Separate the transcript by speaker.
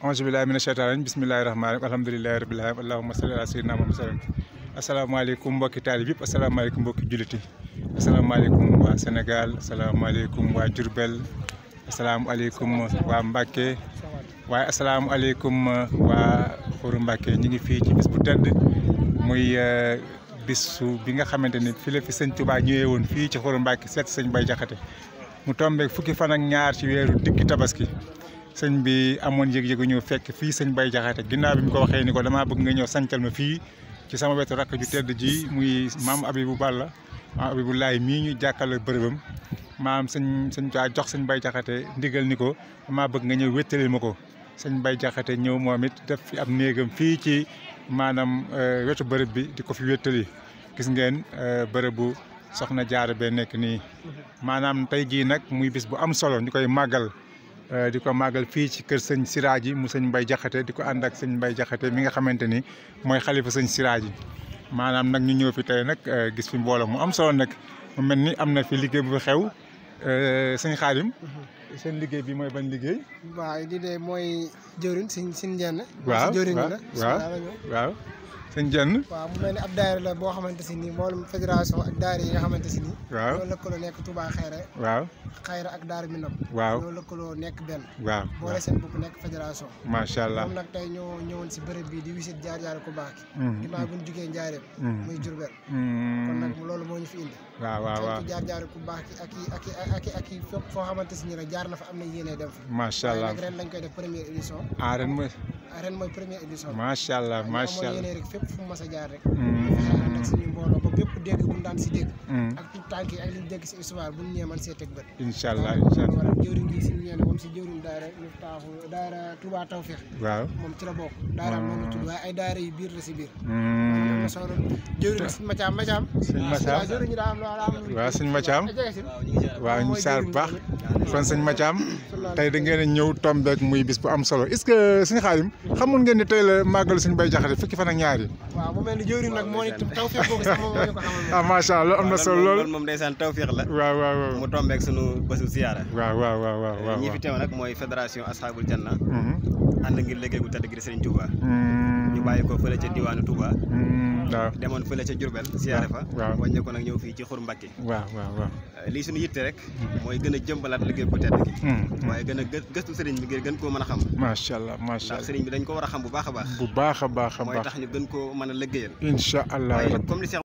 Speaker 1: ange billahi mina sheytaan rajim bismillahi rahmaani rahim alhamdulilahi rabbil alamin allahumma salli ala sayyidina muhammad asalaamaaleykum mbokki taalib yëpp asalaamaaleykum mbokki jullit yi asalaamaaleykum waa Sénégal asalaamaaleykum waa Diourbel asalaamaaleykum waa Mbacke waaye asalaamaaleykum waa Xuru Mbacke ñu ngi fii ci bis bu tedd muy euh, bisu bi nga xamante ni fii la fi sëñ Touba ñëwee woon fii ci Xuru Mbacke seet sëñ Bay Jaxate mu tombeek fukki fan ak ñaar ci weeru diggi tabaski sëñ bi amoon yëg-yëgu ñëw fekk fii sëñ Baye Diakhaté ginnaaw bi mu ko waxee ni ko damaa bëgg nga ñëw sancal ma fii ci sama wetu rakk ju tedd ji muy maam bu Balla maam bu Laay mii ñu jàkkaarloo bërëbam maam sëñ sëñ taa jox sëñ Baye Diakhaté ni ko damaa bëgg nga ñëw wéttalil ma ko sëñ Baye ñëw moom it def fi ab néegam fii ci maanaam euh, wetu bërëb bi di ko fi wéttali gis ngeen euh, bu soxna jaar be nekk nii maanaam tey jii nag muy bis bu am solo ñu koy màggal Euh, di ko màggal fii ci kër sëñ Siraaji mu sëñ Mbay Jaxate di ko ànd ak sëñ Mbay Jaxate mi nga xamante ni mooy xalifa sëñ Siraaji maanaam nag ñu ñëw fi tey nag euh, gis fi mbooloo mu am solo nag mu mel ni am na fi liggéey bu xew euh, sëñ Xaadim mhm. seen liggéey bi mooy bañ liggéey.
Speaker 2: waaw lii de mooy jëwriñ si si njëriñ. waaw waaw
Speaker 1: waaw sëñ Dieng.
Speaker 2: waaw mu ne ni ab daayira la boo xamante si nii mboolem fédération ak daayira yi nga xamante si nii. lëkkaloo nekk Touba Xayra. waaw Xayra ak daara mi nopp. waaw loolu lëkkaloo nekk benn. waaw boole nekk fédération. macha allah nag tey ñoo ñëwoon si bërëb bii di wisit jaar jaar ku baax. Mm-hmm. ginnaaw bu ñu jugee njaareem. Mm-hmm. muy Jurbel. Mm-hmm. loolu moo ñu fi indi.
Speaker 1: waaw waaw jaar jaar
Speaker 2: ku baax ak ak ak i ak i foo xamante si nii rek jaar na fa am na yéene dem fa.
Speaker 1: macha allah nag ren
Speaker 2: lañ koy def première édition. ah ren Ah, ren mooy première édition. macha
Speaker 1: allah macha allah yéene
Speaker 2: rek fépp fu mu a jaar rek. Mm-hmm. ak suñu mbooloo ñu daan si dégg. Mm-hmm. ak tout tànk yi ak dégg si histoire bu ñu man see teg bët. allah incha allah si ñeene moom si jëwriñ daara ñu taaxu moom ci la bokk. daara moom la tudd waaye ay daara biir la
Speaker 1: mm-hmm. Masoro jëwri sëñ Mathiam
Speaker 2: Mathiam sëñ Mathiam jëwri waaw ñu saar bu
Speaker 1: baax kon sëñ Mathiam tey da ngeen a ñëw tombe ak muy bis bu am solo est-ce que sëñ Xaadim xamoon ngeen ni tey la màggal sëñ Bay Jaxate fukki fan ak ñaar
Speaker 2: waaw mu mel ni jëwri nag moo
Speaker 1: tawfiq boobu sax moom ko
Speaker 2: xamal ah macha Allah am solo lool moom ndeysaan tawfiq la waaw waaw waaw mu tombe ak sunu bésu ziyaara waaw waaw waaw waaw ñi fi teew nag mooy fédération Ashabul Janna ànd hmm. ngir liggéey bu tedd gi Sëriñ Touba
Speaker 1: ñu
Speaker 2: hmm. bàyyi ko fële ca diwaanu Touba
Speaker 1: hmm.
Speaker 2: waaw demoon fële ca Jurbel siyaare fa wàññi ko nag ñëw fii ci xur Mbàkke waaw waaw waaw lii suñu yitte rek mooy gën a jëmbalaat liggéey bu tedd gi hmm, hmm. waaye gën a gëstu sëriñ bi ngir gën koo mën a xam
Speaker 1: macha allah macha allah sëriñ bi dañ
Speaker 2: ko war a xam bu baax a baax
Speaker 1: bu baax a baax a baax mooy tax
Speaker 2: ñu gën koo mën a liggéeyal incha
Speaker 1: allah comme li